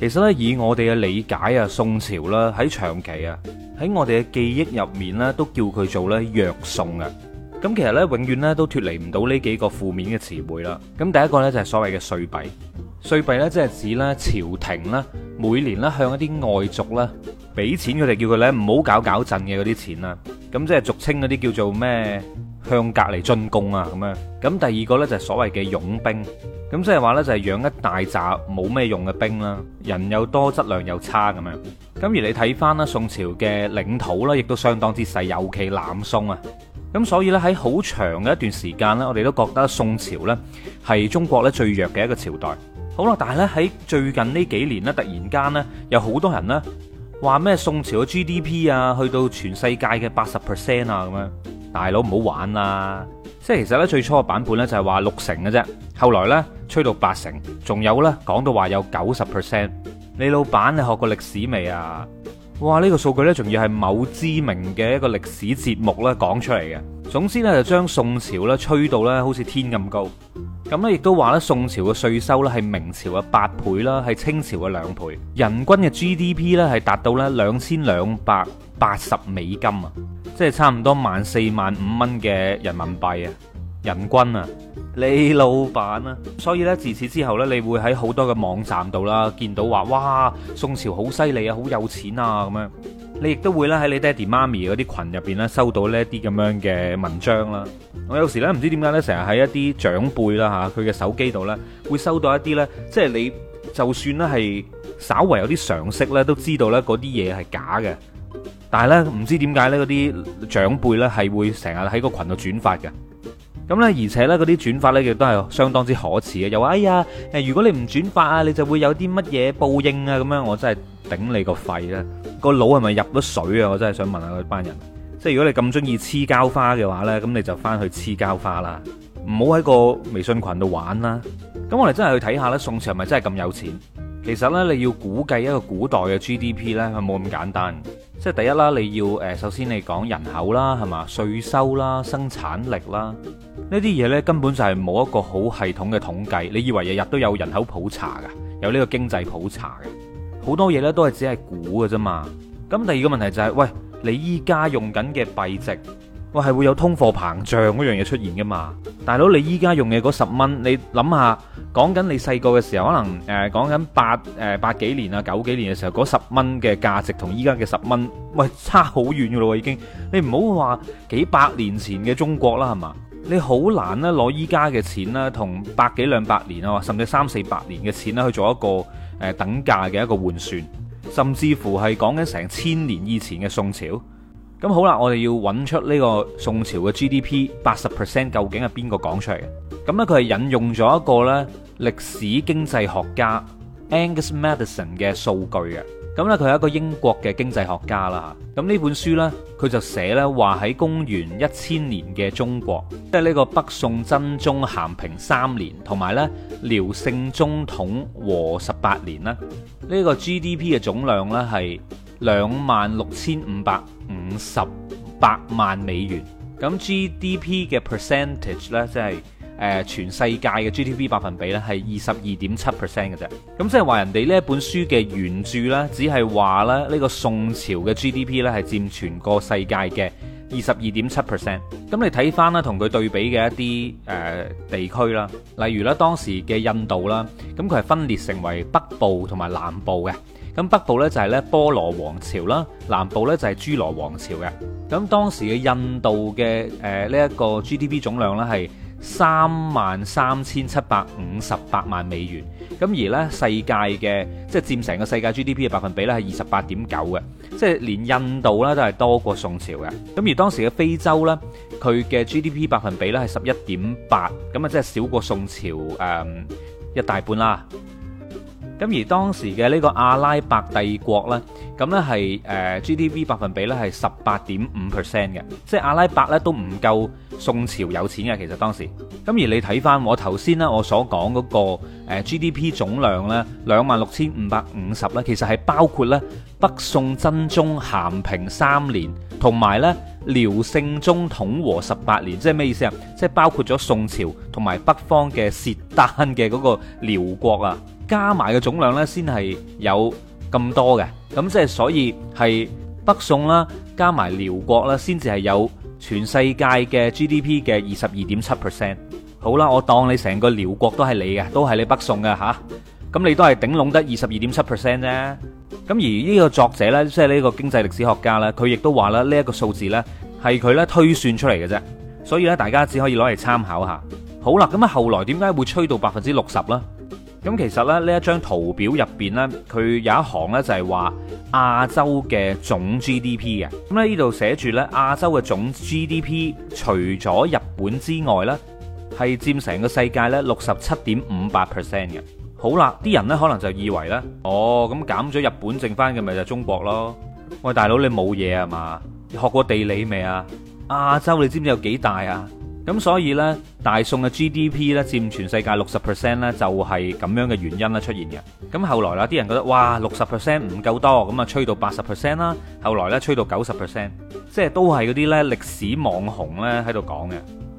其實咧，以我哋嘅理解啊，宋朝啦，喺長期啊，喺我哋嘅記憶入面咧，都叫佢做咧弱宋啊。咁其實咧，永遠咧都脫離唔到呢幾個負面嘅詞彙啦。咁第一個咧就係所謂嘅歲幣，歲幣咧即係指咧朝廷啦每年咧向一啲外族啦俾錢佢哋，叫佢咧唔好搞搞震嘅嗰啲錢啦。咁即係俗稱嗰啲叫做咩？向隔離進攻啊咁樣，咁第二個呢，就係所謂嘅冗兵，咁即係話呢，就係養一大紮冇咩用嘅兵啦，人又多，質量又差咁樣。咁而你睇翻呢宋朝嘅領土啦，亦都相當之細，尤其南宋啊。咁所以呢，喺好長嘅一段時間呢，我哋都覺得宋朝呢係中國呢最弱嘅一個朝代。好啦，但係呢，喺最近呢幾年呢，突然間呢，有好多人呢話咩宋朝嘅 GDP 啊，去到全世界嘅八十 percent 啊咁樣。大佬唔好玩啦！即係其實呢，最初嘅版本呢就係話六成嘅啫，後來呢吹到八成，仲有呢，講到話有九十 percent。你老闆你學過歷史未啊？哇！呢個數據呢仲要係某知名嘅一個歷史節目呢講出嚟嘅。總之呢，就將宋朝呢吹到呢好似天咁高。咁咧，亦都話咧，宋朝嘅稅收咧係明朝嘅八倍啦，係清朝嘅兩倍，人均嘅 GDP 咧係達到咧兩千兩百八十美金啊，即係差唔多萬四萬五蚊嘅人民幣啊，人均啊，你老闆啊，所以咧自此之後咧，你會喺好多嘅網站度啦，見到話哇，宋朝好犀利啊，好有錢啊咁樣。你亦都會啦，喺你爹地媽咪嗰啲群入邊咧，收到呢一啲咁樣嘅文章啦。我有時咧，唔知點解咧，成日喺一啲長輩啦嚇，佢嘅手機度咧，會收到一啲咧，即係你就算咧係稍為有啲常識咧，都知道咧嗰啲嘢係假嘅，但係咧唔知點解咧嗰啲長輩咧係會成日喺個群度轉發嘅。咁咧，而且咧嗰啲轉發咧，亦都係相當之可恥嘅。又話：哎呀，誒如果你唔轉發啊，你就會有啲乜嘢報應啊咁樣。我真係頂你個肺啊，個腦係咪入咗水啊？我真係想問下嗰班人。即係如果你咁中意黐膠花嘅話呢，咁你就翻去黐膠花啦，唔好喺個微信群度玩啦。咁我哋真係去睇下呢宋朝係咪真係咁有錢？其實呢你要估計一個古代嘅 GDP 呢係冇咁簡單。即係第一啦，你要誒，首先你講人口啦，係嘛，稅收啦，生產力啦，呢啲嘢呢，根本就係冇一個好系統嘅統計。你以為日日都有人口普查噶，有呢個經濟普查嘅，好多嘢呢都係只係估嘅啫嘛。咁第二個問題就係，喂，你依家用緊嘅幣值。我係會有通貨膨脹嗰樣嘢出現㗎嘛，大佬你依家用嘅嗰十蚊，你諗下講緊你細個嘅時候，可能誒講緊八、呃、八幾年啊九幾年嘅時候，嗰十蚊嘅價值同依家嘅十蚊，喂差好遠噶咯喎已經，你唔好話幾百年前嘅中國啦，係嘛？你好難咧攞依家嘅錢啦，同百幾兩百年啊，甚至三四百年嘅錢啦去做一個、呃、等價嘅一個換算，甚至乎係講緊成千年以前嘅宋朝。咁好啦，我哋要揾出呢個宋朝嘅 G D P 八十 percent 究竟係邊個講出嚟嘅？咁呢，佢係引用咗一個呢歷史經濟學家 Angus Maddison 嘅數據嘅。咁呢，佢係一個英國嘅經濟學家啦。咁呢本書呢，佢就寫呢話喺公元一千年嘅中國，即係呢個北宋真宗咸平三年，同埋呢遼聖宗統和十八年咧，呢、這個 G D P 嘅總量呢，係兩萬六千五百。五十八萬美元，咁 GDP 嘅 percentage 呢，即係誒、呃、全世界嘅 GDP 百分比呢，係二十二點七 percent 嘅啫。咁即係話人哋呢本書嘅原著呢，只係話咧呢個宋朝嘅 GDP 呢，係佔全個世界嘅二十二點七 percent。咁你睇翻啦，同佢對比嘅一啲誒、呃、地區啦，例如呢當時嘅印度啦，咁佢係分裂成為北部同埋南部嘅。咁北部咧就係咧波羅王朝啦，南部咧就係朱羅王朝嘅。咁當時嘅印度嘅誒呢一個 GDP 總量咧係三萬三千七百五十八萬美元，咁而咧世界嘅，即係佔成個世界 GDP 嘅百分比咧係二十八點九嘅，即係連印度咧都係多過宋朝嘅。咁而當時嘅非洲咧，佢嘅 GDP 百分比咧係十一點八，咁啊即係少過宋朝誒一大半啦。咁而當時嘅呢個阿拉伯帝國呢，咁呢係 G D P 百分比呢係十八點五 percent 嘅，即係阿拉伯呢都唔夠宋朝有錢嘅。其實當時咁而你睇翻我頭先呢，我所講嗰個 G D P 總量呢，兩萬六千五百五十呢，其實係包括呢北宋真宗咸平三年同埋呢遼聖宗統和十八年，即係咩意思啊？即係包括咗宋朝同埋北方嘅契丹嘅嗰個遼國啊！加埋嘅總量呢，先係有咁多嘅，咁即係所以係北宋啦，加埋遼國啦，先至係有全世界嘅 GDP 嘅二十二點七 percent。好啦，我當你成個遼國都係你嘅，都係你北宋嘅吓，咁、啊、你都係頂籠得二十二點七 percent 啫。咁而呢個作者呢，即係呢個經濟歷史學家呢，佢亦都話啦，呢一個數字呢係佢呢推算出嚟嘅啫，所以呢，大家只可以攞嚟參考下。好啦，咁啊後來點解會吹到百分之六十呢？咁其實咧，呢一張圖表入面呢，佢有一行呢，就係話亞洲嘅總 GDP 嘅。咁咧呢度寫住呢，亞洲嘅總 GDP，除咗日本之外呢，係佔成個世界呢六十七點五八 percent 嘅。好啦，啲人呢可能就以為呢：「哦，咁減咗日本剩翻嘅咪就中國咯。」喂，大佬你冇嘢呀嘛？學過地理未啊？亞洲你知唔知有幾大啊？咁所以呢，大宋嘅 G D P 呢佔全世界六十 percent 呢，就係咁樣嘅原因咧出現嘅。咁後來啦，啲人覺得哇，六十 percent 唔夠多，咁啊吹到八十 percent 啦。後來呢，吹到九十 percent，即係都係嗰啲呢歷史網紅呢喺度講嘅。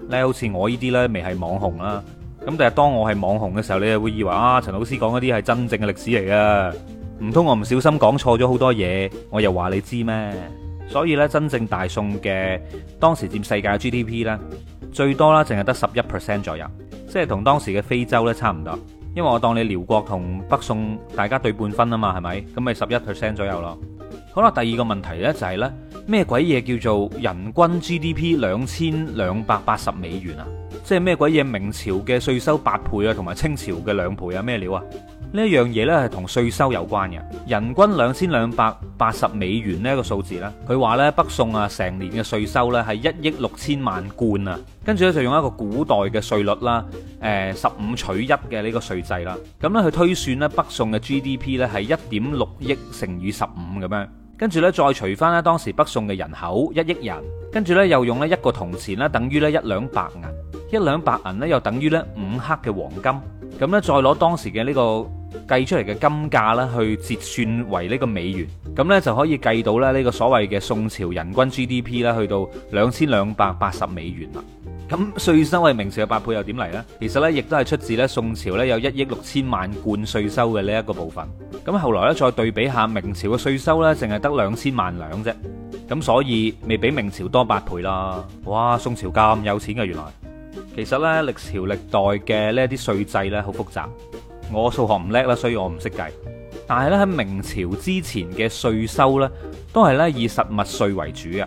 呢好似我呢啲呢，未係網紅啦。咁但係當我係網紅嘅時候，你又會以為啊，陳老師講嗰啲係真正嘅歷史嚟嘅。唔通我唔小心講錯咗好多嘢，我又話你知咩？所以呢，真正大宋嘅當時佔世界嘅 G D P 呢。最多啦，淨係得十一 percent 左右，即係同當時嘅非洲咧差唔多，因為我當你遼國同北宋大家對半分啊嘛，係咪？咁咪十一 percent 左右咯。好啦，第二個問題呢就係呢，咩鬼嘢叫做人均 GDP 兩千兩百八十美元啊？即係咩鬼嘢明朝嘅稅收八倍啊，同埋清朝嘅兩倍啊？咩料啊？呢一樣嘢呢係同稅收有關嘅，人均兩千兩百八十美元呢一個數字呢，佢話呢，北宋啊成年嘅稅收呢係一億六千萬貫啊，跟住呢，就用一個古代嘅稅率啦，誒十五取一嘅呢個稅制啦，咁呢，佢推算呢北宋嘅 GDP 呢係一點六億乘以十五咁樣，跟住呢，再除翻呢當時北宋嘅人口一億人，跟住呢，又用呢一個銅錢呢等於呢一兩白銀，一兩白銀呢又等於呢五克嘅黃金，咁呢，再攞當時嘅呢個。計出嚟嘅金價啦，去折算為呢個美元，咁呢就可以計到咧呢個所謂嘅宋朝人均 GDP 啦，去到兩千兩百八十美元啦。咁稅收係明朝嘅八倍又點嚟呢？其實呢，亦都係出自呢宋朝呢有一億六千萬貫稅收嘅呢一個部分。咁後來呢再對比下明朝嘅稅收呢，淨係得兩千萬兩啫。咁所以未比明朝多八倍啦。哇，宋朝咁有錢嘅，原來。其實呢，歷朝歷代嘅呢啲稅制呢，好複雜。我數學唔叻啦，所以我唔識計。但係咧，喺明朝之前嘅稅收呢都係咧，以實物稅為主嘅，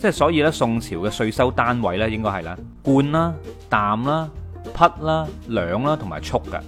即係所以呢宋朝嘅稅收單位呢應該係啦，貫啦、擔啦、匹啦、兩啦同埋束嘅。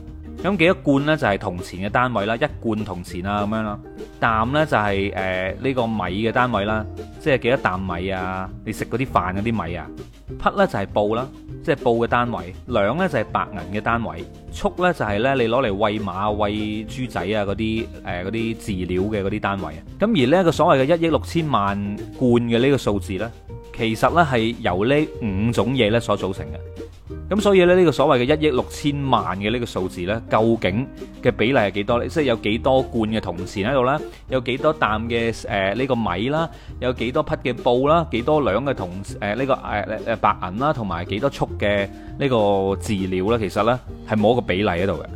咁幾多罐呢，就係銅錢嘅單位啦，一罐銅錢啊，咁樣啦。擔呢，就係呢個米嘅單位啦，即係幾多擔米啊？你食嗰啲飯嗰啲米啊。匹呢，就係布啦，即係布嘅單位。兩呢，就係白銀嘅單位。速呢，就係呢你攞嚟餵馬、餵豬仔啊嗰啲誒嗰啲飼料嘅嗰啲單位啊。咁而呢個所謂嘅一億六千萬罐嘅呢個數字呢，其實呢，係由呢五種嘢呢所組成嘅。咁所以咧，呢個所謂嘅一億六千萬嘅呢個數字咧，究竟嘅比例係幾多咧？即係有幾多貫嘅銅錢喺度咧？有幾多擔嘅誒呢個米啦？有幾多匹嘅布啦？幾多兩嘅銅誒呢個誒誒白銀啦？同埋幾多束嘅呢個字料咧？其實咧係冇一個比例喺度嘅。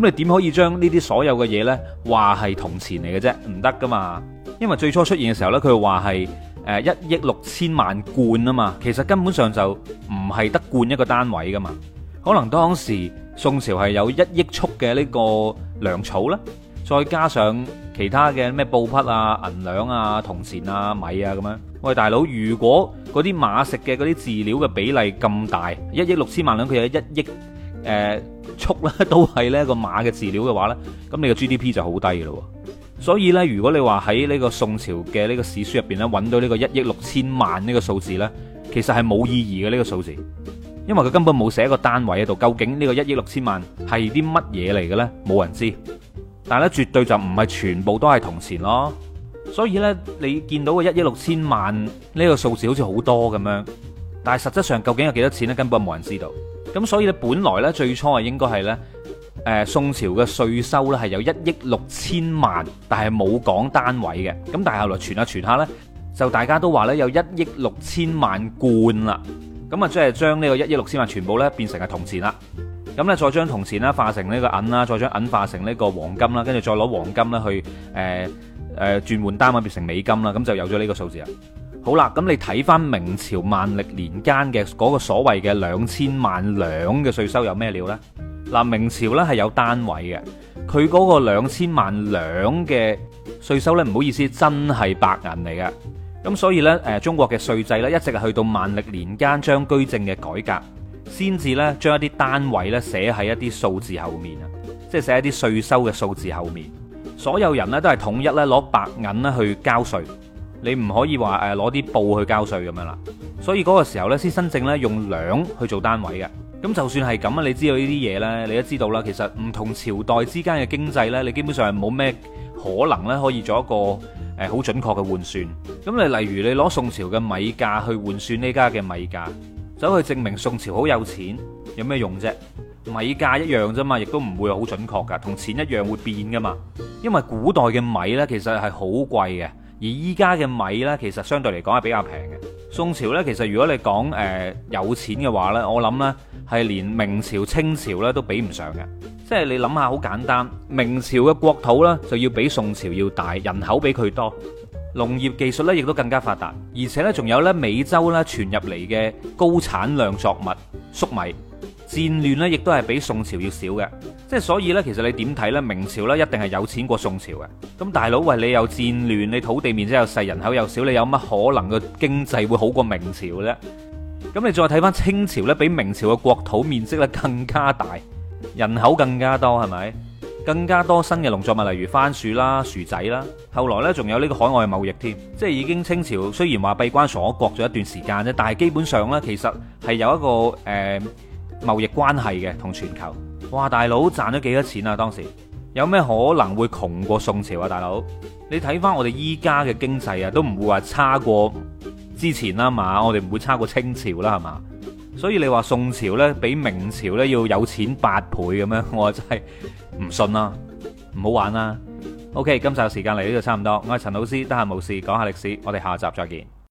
咁你點可以將呢啲所有嘅嘢咧話係銅錢嚟嘅啫？唔得㗎嘛，因為最初出現嘅時候咧，佢話係。誒一億六千萬貫啊嘛，其實根本上就唔係得貫一個單位噶嘛，可能當時宋朝係有一億束嘅呢個糧草啦，再加上其他嘅咩布匹啊、銀兩啊、銅錢啊、米啊咁樣。喂，大佬，如果嗰啲馬食嘅嗰啲飼料嘅比例咁大，一億六千萬兩佢有，一億誒束啦，都係呢個馬嘅飼料嘅話呢，咁你個 GDP 就好低咯喎。所以咧，如果你話喺呢個宋朝嘅呢個史書入邊揾到呢個一億六千萬呢個數字呢，其實係冇意義嘅呢個數字，因為佢根本冇寫一個單位喺度。究竟呢個一億六千萬係啲乜嘢嚟嘅呢？冇人知。但係咧，絕對就唔係全部都係銅錢咯。所以呢，你見到個一億六千萬呢個數字好似好多咁樣，但係實質上究竟有幾多錢呢？根本冇人知道。咁所以咧，本來呢，最初啊，應該係呢誒、呃、宋朝嘅稅收咧係有一億六千萬，但係冇講單位嘅。咁但係後來傳下傳下呢，就大家都話咧有一億六千萬貫啦。咁啊即係將呢個一億六千萬全部咧變成係銅錢啦。咁咧再將銅錢啦化成呢個銀啦，再將銀化成呢個黃金啦，跟住再攞黃金啦去誒誒、呃呃、轉換單位變成美金啦。咁就有咗呢個數字啦。好啦，咁你睇翻明朝萬歷年間嘅嗰個所謂嘅兩千萬兩嘅稅收有咩料呢？嗱，明朝咧係有單位嘅，佢嗰個兩千萬兩嘅稅收呢，唔好意思，真係白銀嚟嘅。咁所以呢，中國嘅稅制呢，一直去到萬歷年間張居正嘅改革，先至呢將一啲單位呢寫喺一啲數字後面啊，即係寫一啲稅收嘅數字後面。所有人呢都係統一呢攞白銀去交稅，你唔可以話誒攞啲布去交稅咁樣啦。所以嗰個時候呢，先真正呢用兩去做單位嘅。咁就算係咁啊，你知道呢啲嘢呢，你都知道啦。其實唔同朝代之間嘅經濟呢，你基本上係冇咩可能呢可以做一個誒好準確嘅換算。咁你例如你攞宋朝嘅米價去換算呢家嘅米價，走去證明宋朝好有錢，有咩用啫？米價一樣啫嘛，亦都唔會好準確噶，同錢一樣會變噶嘛。因為古代嘅米呢，其實係好貴嘅，而依家嘅米呢，其實相對嚟講係比較平嘅。宋朝呢，其實如果你講、呃、有錢嘅話想呢，我諗呢係連明朝、清朝呢都比唔上嘅。即係你諗下，好簡單，明朝嘅國土呢就要比宋朝要大，人口比佢多，農業技術呢亦都更加發達，而且呢，仲有呢美洲呢傳入嚟嘅高產量作物粟米。戰亂咧，亦都係比宋朝要少嘅，即係所以呢，其實你點睇呢？明朝呢一定係有錢過宋朝嘅。咁大佬，喂，你有戰亂，你土地面積又細，人口又少，你有乜可能個經濟會好過明朝呢？咁你再睇翻清朝呢，比明朝嘅國土面積咧更加大，人口更加多，係咪？更加多新嘅農作物，例如番薯啦、薯仔啦。後來呢，仲有呢個海外貿易添，即係已經清朝雖然話閉關鎖國咗一段時間啫，但係基本上呢，其實係有一個、呃貿易關係嘅同全球，哇，大佬賺咗幾多錢啊！當時有咩可能會窮過宋朝啊？大佬，你睇返我哋依家嘅經濟啊，都唔會話差過之前啦啊嘛，我哋唔會差過清朝啦係嘛，所以你話宋朝呢，比明朝呢，要有錢八倍咁樣，我真係唔信啦啊，唔好玩啦啊。OK，今集時間嚟呢度差唔多，我係陳老師，得閒冇事講下歷史，我哋下集再見。